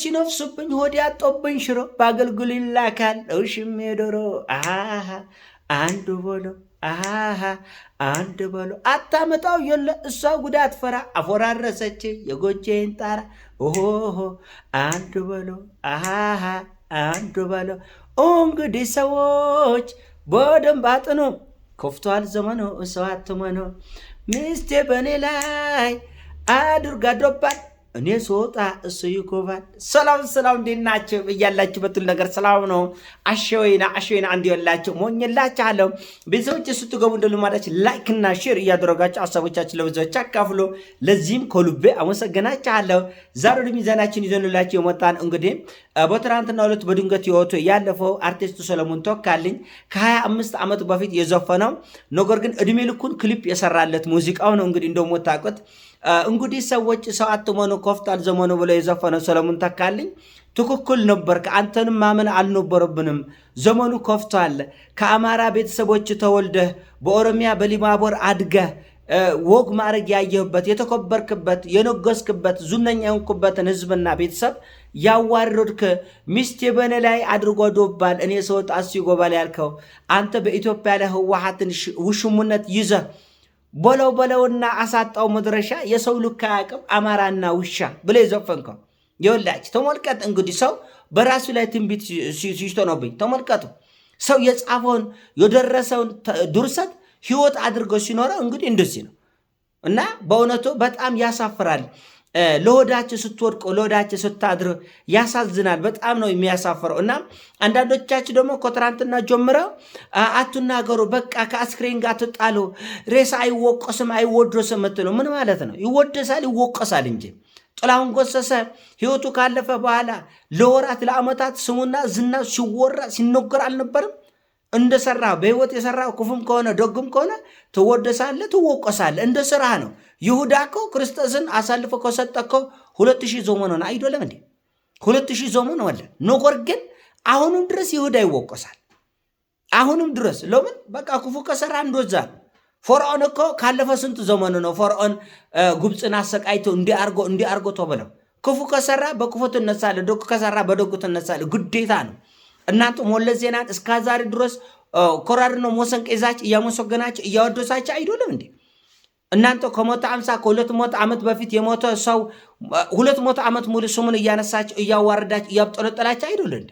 ሲነፍሱብኝ ሆድ ያጦብኝ ሽሮ በአገልግሉ ይላካል ለውሽም የዶሮ አሃ አንዱ በሎ አሃ አንድ በሎ አታመጣው የለ እሷ ጉዳት ፈራ አፎራረሰች የጎጄን ጣራ ኦሆ አንዱ በሎ አሃ አንዱ በሎ እንግዲህ ሰዎች በደንብ አጥኑ። ከፍቷል ዘመኑ ሰው አትመኑ። ሚስቴ በእኔ ላይ አድርጋ ዶባት እኔ ስወጣ እሱ ይኮባል። ሰላም ሰላም፣ እንዴት ናቸው እያላችሁ በትል ነገር ሰላም ነው። አሸወይና አሸወይና አንድ ያላቸው ሞኝላችኋለሁ። ቤተሰቦች ስትገቡ እንደ ልማዳች ላይክ እና ሼር እያደረጋችሁ ሀሳቦቻችን ለብዙዎች አካፍሎ ለዚህም ከልቤ አመሰግናችኋለሁ። ዛሬ ወደ ሚዛናችን ይዘንላቸው የመጣን እንግዲህ በትናንትና ሁለት በድንገት ህይወቱ ያለፈው አርቲስቱ ሰለሞን ቶካልኝ ከ25 ዓመት በፊት የዘፈነው ነገር ግን እድሜ ልኩን ክሊፕ የሰራለት ሙዚቃው ነው እንግዲህ እንደሞታቁት እንግዲህ ሰዎች ሰው አትመኑ ኮፍት አልዘመኑ ብሎ የዘፈነው ሰለሞን ተካልኝ ትክክል ነበር። አንተንም ማመን አልነበረብንም። ዘመኑ ኮፍቷል። ከአማራ ቤተሰቦች ተወልደህ በኦሮሚያ በሊማቦር አድገህ ወግ ማድረግ ያየህበት የተከበርክበት የነገስክበት ዝነኛ የሆንክበትን ህዝብና ቤተሰብ ያዋረድክ ሚስት በእኔ ላይ አድርጎ ዶባል እኔ ሰወጣ ሲጎባል ያልከው አንተ በኢትዮጵያ ላይ ህወሓትን ውሽሙነት ይዘህ በለው በለውና አሳጣው መድረሻ የሰው ልካ ያቅም አማራና ውሻ ብለ የዘፈንከው የወላች ተመልከት። እንግዲህ ሰው በራሱ ላይ ትንቢት ሲሽቶነብኝ ተመልከቱ። ሰው የጻፈውን የደረሰውን ድርሰት ህይወት አድርገው ሲኖረው እንግዲህ እንደዚህ ነው እና በእውነቱ በጣም ያሳፍራል። ለሆዳችሁ ስትወድቁ ለሆዳችሁ ስታድር ያሳዝናል። በጣም ነው የሚያሳፍረው። እና አንዳንዶቻችሁ ደግሞ ከትናንትና ጀምረው አትናገሩ፣ በቃ ከአስክሬን ጋር ትጣሉ፣ ሬሳ አይወቀስም አይወደስም የምትሉ ምን ማለት ነው? ይወደሳል ይወቀሳል እንጂ ጥላሁን ገሰሰ ህይወቱ ካለፈ በኋላ ለወራት ለአመታት ስሙና ዝና ሲወራ ሲነገር አልነበርም። እንደሰራ በህይወት የሰራ ክፉም ከሆነ ደግም ከሆነ ትወደሳለ፣ ትወቀሳለ። እንደ ስራህ ነው። ይሁዳ እኮ ክርስቶስን አሳልፎ ከሰጠ እኮ ሁለት ሺህ ዘመን ሆነ አይደለም እንዴ? ሁለት ሺህ ዘመን ሆነ። ነገር ግን አሁንም ድረስ ይሁዳ ይወቀሳል። አሁንም ድረስ ለምን? በቃ ክፉ ከሰራ እንደዛ ነው። ፈርዖን እኮ ካለፈ ስንት ዘመኑ ነው? ፈርዖን ግብፅን አሰቃይቶ እንዲያርጎ እንዲያርጎ ተብለው ክፉ ከሰራ በክፉ ትነሳለ፣ ደግ ከሰራ በደጉ ትነሳለ። ግዴታ ነው። እናንተ መለስ ዜናን እስከዛሬ ድረስ ነው ሞሰንቅ ይዛች እያመሰገናቸው እያወደሳቸው አይደለም እንዴ? እናንተ ከመቶ አምሳ ከሁለት መቶ ዓመት በፊት የሞተ ሰው ሁለት መቶ ዓመት ሙሉ ስሙን እያነሳች እያዋረዳቸው እያብጠለጠላቸው አይደለ እንዴ?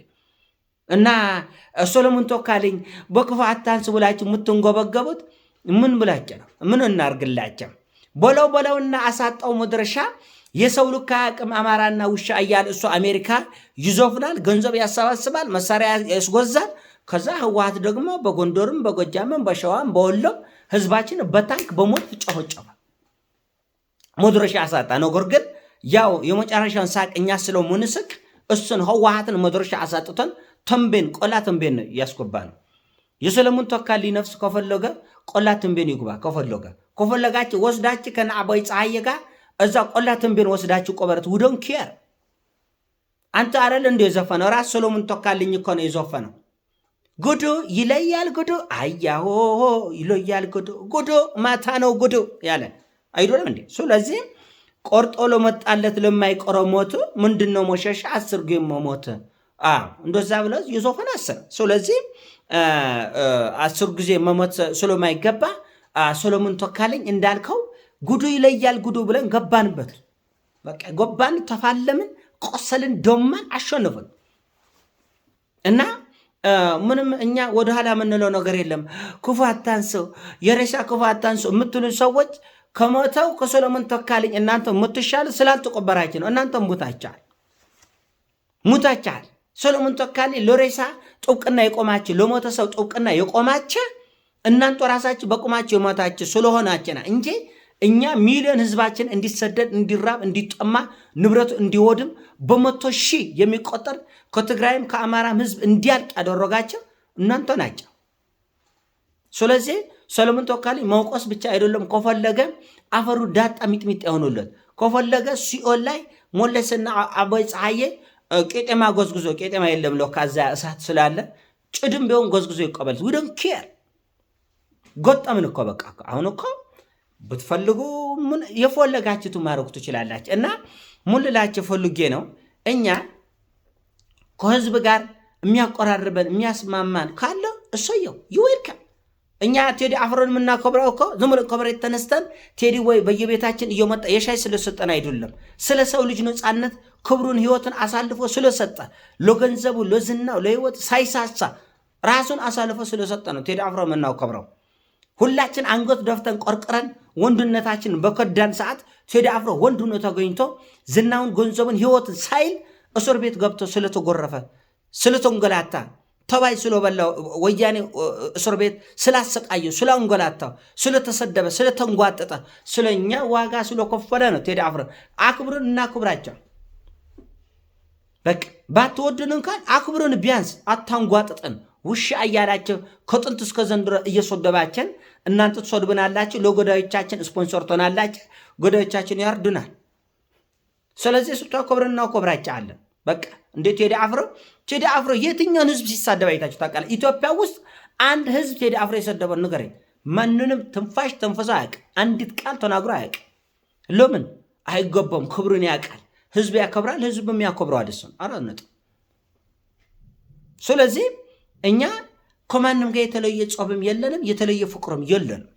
እና ሶሎሞን ቶካልኝ በክፉ አታንስ ብላችሁ የምትንጎበገቡት ምን ብላችሁ ነው? ምን እናርግላቸው? በለው በለውና አሳጣው መድረሻ የሰው ልካ አቅም አማራና ውሻ እያለ እሱ አሜሪካ ይዞፍናል፣ ገንዘብ ያሰባስባል፣ መሳሪያ ያስጎዛል። ከዛ ህወሓት ደግሞ በጎንደርም በጎጃምም በሸዋም በወሎም ህዝባችን በታንክ በሞት ይጨፈጨፋል። መድረሻ አሳጣ። ነገር ግን ያው የመጨረሻውን ሳቅ እኛ ስለምንስቅ እሱን ህወሓትን መድረሻ አሳጥተን ተንቤን ቆላ ተንቤን ያስገባ ነው። የሰለሞን ተካ ሊነፍስ ከፈለገ ቆላ ተንቤን ይግባ። ከፈለገ ከፈለጋች ወስዳች ከነአባይ ፀሐየ ጋር እዛ ቆላ ቤን ወስዳችሁ ቆበረት ውዶን ኬር አንተ አረል እንደ የዘፈነው ራስ ሰሎሞን ተካልኝ እኮ ነው የዘፈነው። ጉዱ ይለያል ጉዱ አያሆ ይለያል ጉዱ ጉዱ ማታ ነው ጉዱ ያለ አይዶለም እንዴ? ስለዚህ ቆርጦ ለመጣለት ለማይቆረው ሞቱ ምንድን ነው ሞሸሻ አስር ጌሞ ሞት እንደዛ ብለ የዘፈን አስር ስለዚህ አስር ጊዜ መሞት ስለማይገባ ሰሎሞን ተካልኝ እንዳልከው ጉዱ ይለያል ጉዱ ብለን ገባንበት። በቃ ገባን፣ ተፋለምን፣ ቆሰልን፣ ደማን፣ አሸነፍን እና ምንም እኛ ወደኋላ የምንለው ነገር የለም። ክፉ አታንሰው፣ የሬሳ ክፉ አታንሰው የምትሉ ሰዎች ከሞተው ከሶሎሞን ተካልኝ እናንተ የምትሻሉ ስላልተቆበራችሁ ነው። እናንተ ሙታችኋል፣ ሙታችኋል። ሶሎሞን ተካልኝ ለሬሳ ጥብቅና የቆማች ለሞተ ሰው ጥብቅና የቆማችሁ እናንተ ራሳችሁ በቁማችሁ የሞታችሁ ስለሆናችሁ እንጂ እኛ ሚሊዮን ህዝባችን እንዲሰደድ፣ እንዲራብ፣ እንዲጠማ፣ ንብረቱ እንዲወድም በመቶ ሺህ የሚቆጠር ከትግራይም ከአማራም ህዝብ እንዲያልቅ ያደረጋቸው እናንተ ናቸው። ስለዚህ ሰለሞን ተካልኝ መውቀስ ብቻ አይደለም። ከፈለገ አፈሩ ዳጣ ሚጥሚጥ የሆኑለት ከፈለገ ሲኦል ላይ ሞለስና አቦይ ፀሐዬ ቄጤማ ጎዝጉዞ ቄጤማ የለም ለው ካዛ እሳት ስላለ ጭድም ቢሆን ጎዝጉዞ ይቀበል። ዊዶን ኬር ጎጠምን እኮ በቃ አሁን እኮ ብትፈልጉ የፈለጋችሁት ማድረግ ትችላላችሁ። እና ምን ፈልጌ ነው እኛ ከህዝብ ጋር የሚያቆራርበን የሚያስማማን ካለ እሰየው ይወድካል። እኛ ቴዲ አፍሮን የምናከብረው እኮ ዝም ብለን ከመሬት ተነስተን ቴዲ ወይ በየቤታችን እየመጣ የሻይ ስለሰጠን አይደለም። ስለ ሰው ልጅ ነፃነት ክብሩን ህይወትን አሳልፎ ስለሰጠ ለገንዘቡ፣ ለዝናው፣ ለህይወት ሳይሳሳ ራሱን አሳልፎ ስለሰጠ ነው ቴዲ አፍሮ የምናከብረው። ሁላችን አንገት ደፍተን ቆርቅረን ወንድነታችን በከዳን ሰዓት አፍሮ ወንድ ሆኖ ተገኝቶ ዝናውን፣ ገንዘቡን፣ ህይወትን ሳይል እስር ቤት ገብቶ ስለተጎረፈ ስለተንገላታ ተባይ ስለበላ ወያኔ እስር ቤት ስላሰቃየ ስለንገላታ ስለተሰደበ ስለተንጓጠጠ ስለኛ ዋጋ ስለከፈለ ነው። ቴዲ አፍሮ አክብርን እናክብራቸው። በቃ ባትወድን እንኳን አክብርን፣ ቢያንስ አታንጓጥጥን። ውሻ እያላቸው ከጥንት እስከ ዘንድሮ እየሰደባችን እናንተ ትሰድቡናላችሁ፣ ለጎዳዮቻችን ስፖንሰር ትሆናላችሁ፣ ጎዳዮቻችን ያርዱናል። ስለዚህ ስቶ ኮብርና ኮብራጭ አለን። በቃ እንደ ቴዲ አፍሮ ቴዲ አፍሮ የትኛውን ህዝብ ሲሳደብ አይታችሁ ታውቃለህ? ኢትዮጵያ ውስጥ አንድ ህዝብ ቴዲ አፍሮ የሰደበው ንገረኝ። ማንንም ትንፋሽ ተንፈሶ አያውቅ፣ አንዲት ቃል ተናግሮ አያውቅ። ለምን አይገባም? ክብሩን ያውቃል። ህዝብ ያከብራል፣ ህዝብም ያከብረው እሱን አራነጥ ስለዚህ እኛ ከማንም ጋር የተለየ ጾምም የለንም፣ የተለየ ፍቅርም የለንም።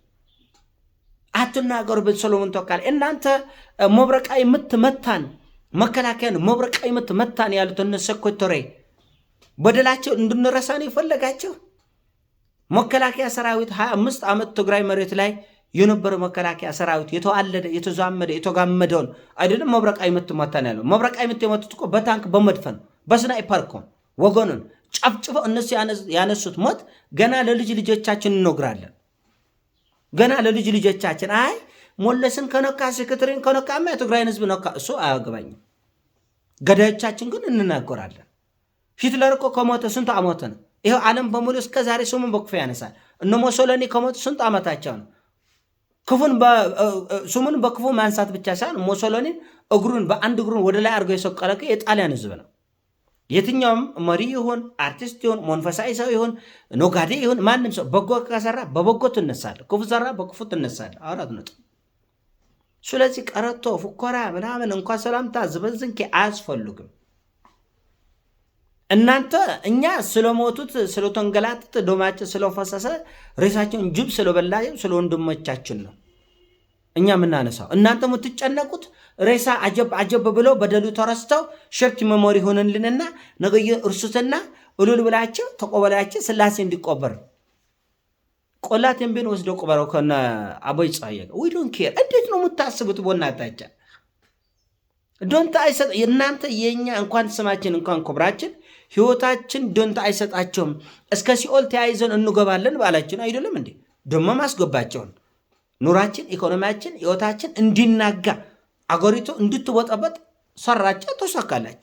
አትናገሩ። ብን ሰሎሞን ተወካል እናንተ መብረቃ የምትመታን መታን፣ መከላከያን መብረቃዊ ምት ያሉት እነ ሰኮተሬ በደላቸው እንድንረሳን የፈለጋቸው። መከላከያ ሰራዊት አምስት ዓመት ትግራይ መሬት ላይ የነበረ መከላከያ ሰራዊት የተዋለደ የተዛመደ የተጋመደውን አይደለም መብረቃ የምትመታን ያለ መብረቃ መብረቃዊ በታንክ በመድፈን በስናይፐር እኮ ወገኑን ጨፍጭፈው እነሱ ያነሱት ሞት ገና ለልጅ ልጆቻችን እንኖግራለን። ገና ለልጅ ልጆቻችን አይ ሞለስን ከነካ ሴክሬታሪን ከነካማ የትግራይን ህዝብ ነካ። እሱ አያገባኝም። ገዳዮቻችን ግን እንናገራለን። ሂትለር እኮ ከሞተ ስንቱ አሞተ ነው? ይኸው ዓለም በሙሉ እስከ ዛሬ ስሙን በክፉ ያነሳል። እነ ሞሶሎኒ ከሞቱ ስንቱ ዓመታቸው ነው? ክፉን ስሙን በክፉ ማንሳት ብቻ ሳይሆን ሞሶሎኒን እግሩን በአንድ እግሩን ወደ ላይ አድርገው የሰቀለ የጣሊያን ህዝብ ነው። የትኛውም መሪ ይሁን አርቲስት ይሁን መንፈሳዊ ሰው ይሁን ኖጋዴ ይሁን ማንም ሰው በጎ ከሰራ በበጎ ትነሳለ፣ ክፉ ሰራ በክፉ ትነሳለ። አራት ነጥብ። ስለዚህ ቀረቶ ፉኮራ ምናምን እንኳ ሰላምታ ዝበዝንኪ አያስፈልግም። እናንተ እኛ ስለሞቱት ስለተንገላጥት ደማችን ስለፈሰሰ ሬሳቸውን ጅብ ስለበላ ስለ ወንድሞቻችን ነው እኛ የምናነሳው እናንተ የምትጨነቁት ሬሳ አጀብ አጀብ ብሎ በደሉ ተረስተው ሸርክ መሞሪ ሆነልንና ነገየ እርሱትና እሉል ብላቸው ተቆበላቸው ስላሴ እንዲቆበር ቆላት ንቤን ወስደ ቁበረው ከነ አቦይ ፀሐየ ዊ ዶን ኬር። እንዴት ነው የምታስቡት? ቦናታቻ ዶንታ አይሰጥ እናንተ የኛ እንኳን ስማችን እንኳን ክብራችን ህይወታችን ዶንታ አይሰጣቸውም። እስከ ሲኦል ተያይዘን እንገባለን ባላችን አይደለም እንዴ? ደሞ ማስገባቸውን ኑራችን፣ ኢኮኖሚያችን፣ ህይወታችን እንዲናጋ አገሪቱ እንድትወጠበጥ ሰራቻ ተሳካላች።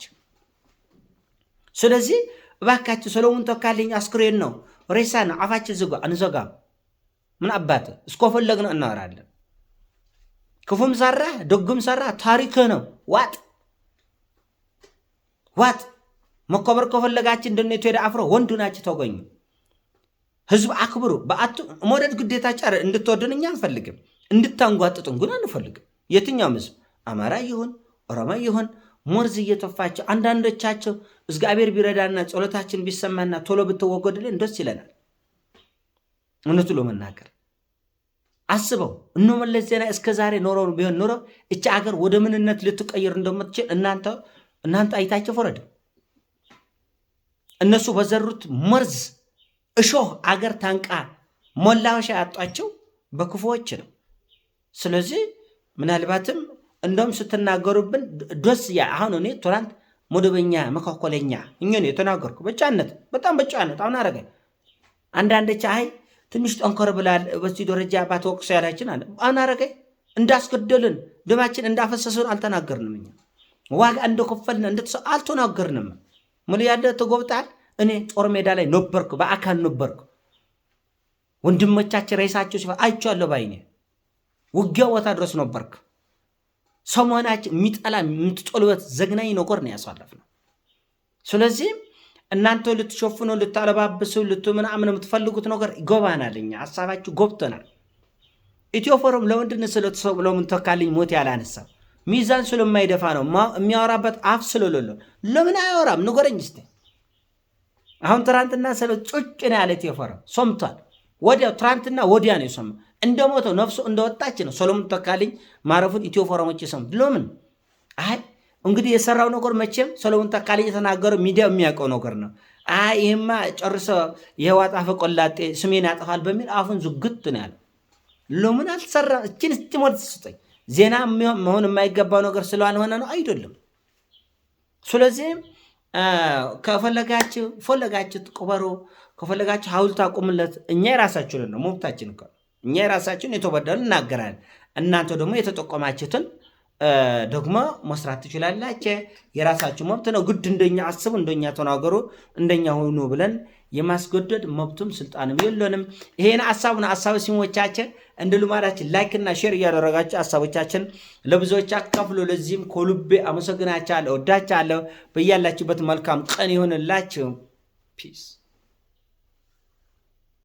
ስለዚህ እባካችን ሰሎሙን ተካልኝ አስክሬን ነው ሬሳ ነው አፋችን ዝጓ አንዘጋም። ምን አባት እስከፈለግን እናወራለን። ክፉም ሰራ ደጉም ሰራ ታሪክ ነው። ዋጥ ዋጥ መኮበር ከፈለጋችን እንደነ ሄደ አፍሮ ወንዱ ናቸው ተገኙ። ህዝብ አክብሩ። በአቱ መውደድ ግዴታ ጫር እንድትወድን እኛ አንፈልግም። እንድታንጓጥጡን ግን አንፈልግም። የትኛውም ህዝብ አማራ ይሁን ኦሮሞ ይሁን ሞርዝ እየተፋቸው አንዳንዶቻቸው እግዚአብሔር ቢረዳና ጸሎታችን ቢሰማና ቶሎ ብትወገድልን ደስ ይለናል። እውነቱ ለመናገር አስበው እነ መለስ ዜናዊ እስከ ዛሬ ኖሮ ቢሆን ኖሮ እቺ አገር ወደ ምንነት ልትቀይር እንደምትችል እናንተ እናንተ አይታችሁ ፈረድ። እነሱ በዘሩት መርዝ እሾህ አገር ታንቃ ሞላሻ ያጧቸው በክፉዎች ነው። ስለዚህ ምናልባትም እንደውም ስትናገሩብን ደስ ያ አሁን እኔ ቱራንት መደበኛ መካከለኛ እኛ ነው የተናገርኩ። በጫነት በጣም በጫነት አሁን አረገ አንዳንዶች አይ ትንሽ ጠንከር ብላል በዚህ ደረጃ ባትወቅሱ ያላችን አለ። አሁን አረገ እንዳስገደልን ደማችን እንዳፈሰሰን አልተናገርንም። እኛ ዋጋ እንደከፈልን እንደተሰ አልተናገርንም። ምን ያለ ተጎብጣል። እኔ ጦር ሜዳ ላይ ነበርኩ፣ በአካል ነበርኩ። ወንድሞቻችን ሬሳቸው ሲፋ አይቼዋለሁ ባይኔ። ውጊያ ቦታ ድረስ ነበርክ። ሰሞናችን የሚጠላ የምትጦልበት ዘግናኝ ነገር ነው ያሳለፍነው። ስለዚህ እናንተ ልትሸፍኑ ልታለባብሱ ልት ምናምን የምትፈልጉት ነገር ይጎባናል። እኛ ሀሳባችሁ ጎብተናል። ኢትዮ ፎረም ለምንድን ስለተሰብ ለምን ተካልኝ ሞት ያላነሳ ሚዛን ስለማይደፋ ነው የሚያወራበት አፍ ስለሎሎ ለምን አያወራም? ንገረኝ እስኪ። አሁን ትናንትና ስለ ጩጭ ነው ያለ ኢትዮ ፎረም ሰምቷል። ወዲያው ትናንትና ወዲያ ነው የሰማ እንደሞተው ነፍሱ እንደወጣች ነው። ሶሎሞን ተካልኝ ማረፉን ኢትዮ ፎረሞች የሰሙት ለምን? አይ እንግዲህ የሰራው ነገር መቼም ሶሎሞን ተካልኝ የተናገረው ሚዲያ የሚያውቀው ነገር ነው። አይ ይህማ ጨርሶ የህዋ ጣፈ ቆላጤ ስሜን ያጠፋል በሚል አፉን ዝግት ነው ያለ። ሎምን አልሰራ? እችን ስትሞት ስጠኝ ዜና መሆን የማይገባው ነገር ስላልሆነ ነው አይደለም። ስለዚህም ከፈለጋችሁ ፈለጋችሁ ቅበሩ፣ ከፈለጋችሁ ሀውልት አቁምለት። እኛ የራሳችሁ ነው መብታችን እኛ የራሳችን የተበደሉ እናገራለን። እናንተ ደግሞ የተጠቆማችሁትን ደግሞ መስራት ትችላላችሁ። የራሳችሁ መብት ነው። ግድ እንደኛ አስቡ፣ እንደኛ ተናገሩ፣ እንደኛ ሆኑ ብለን የማስገደድ መብቱም ስልጣንም የለንም። ይሄን ሀሳቡን ሀሳብ ሲሞቻችን እንደ ልማዳችን ላይክና ሼር እያደረጋችሁ ሀሳቦቻችን ለብዙዎች አካፍሎ ለዚህም ከልቤ አመሰግናችኋለሁ፣ እወዳችኋለሁ። በያላችሁበት መልካም ቀን ይሆንላችሁ። ፒስ